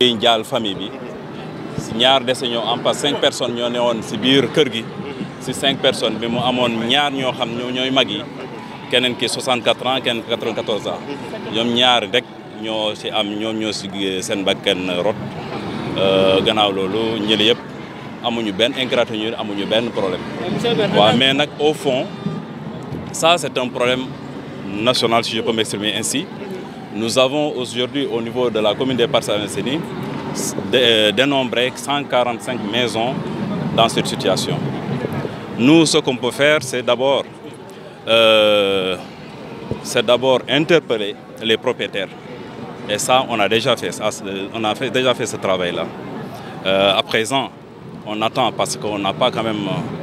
liñ jaal famille bi ñaar dese ñoo am parce cinq personnes ñoo ne woon si biir kër gi si cinq personnes bi mu amoon ñaar ñoo xam ñoo ñooy mag yi keneen ki 64 ans keneen ki 94 ans ñoom ñaar rek ñoo si am ñoom ñoo si seen bakkan rot euh, gannaaw loolu ñëli yëpp amuñu benn inquiétude amuñu benn problème waaw mais nag au fond ça c'est un problème nationale, si je peux m'exprimer ainsi. Nous avons aujourd'hui, au niveau de la commune des Parcelles-Sénie, euh, dénombré 145 maisons dans cette situation. Nous, ce qu'on peut faire, c'est d'abord euh, interpeller les propriétaires. Et ça, on a déjà fait, ça, on a fait, déjà fait ce travail-là. Euh, à présent, on attend parce qu'on n'a pas quand même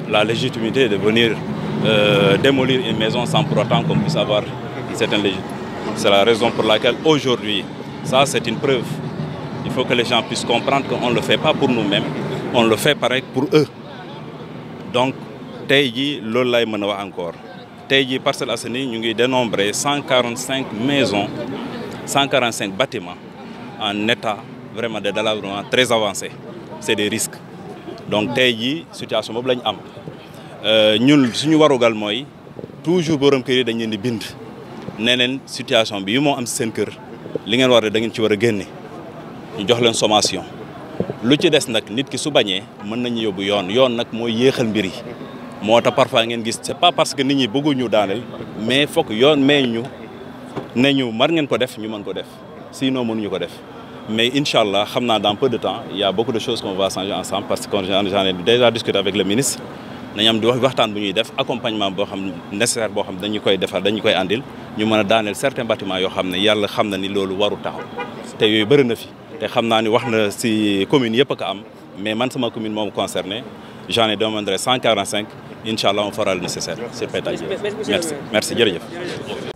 la légitimité de venir euh, démolir une maison sans pour autant qu'on puisse avoir une certaine légitimité. C'est la raison pour laquelle aujourd'hui, ça c'est une preuve. Il faut que les gens puissent comprendre qu'on le fait pas pour nous-mêmes, on le fait pareil pour eux. Donc tey jii loolu lay mën a wax encore tey jii Parcelles Assainies ñu ngi dénombré cent quarante cinq maisons cent quarante cinq bâtiments en état vraiment de délabrement très avancé c'est des risques donc tey jii situation boobu la ñu am Euh, ñun suñu warugal mooy toujours borom kër yi dañ leen di bind nee neen situation bi yu moo am seen kër li ngeen war a da ngeen ci war a génne ñu jox leen sommation lu ci des nag nit ki su bañee mën nañu yóbbu yoon yoon nag mooy yéexal mbiri yi moo tax parfois ngeen gis c'est pas parce que nit ñi bëgguñu daaneel mais fokk yoon may ñu ne ñu mar ngeen ko def ñu mën ko def sinon mënuñu ko def mais incha allah xam naa dans peu de temps il beaucoup de choses qu'on nañ am di waxtaan bu ñuy def accompagnement boo xam nécessaire boo xam dañu koy defar dañu koy àndil ñu mën a daaneel certains bâtiments yoo xam ne yàlla xam na ni loolu waru taxaw te yooyu bëri na fi te xam naa ni wax na si commune yëpp a am mais man sama commune moom concerné j'en ai demandé 145 incha allah on fera le nécessaire sur pétage merci merci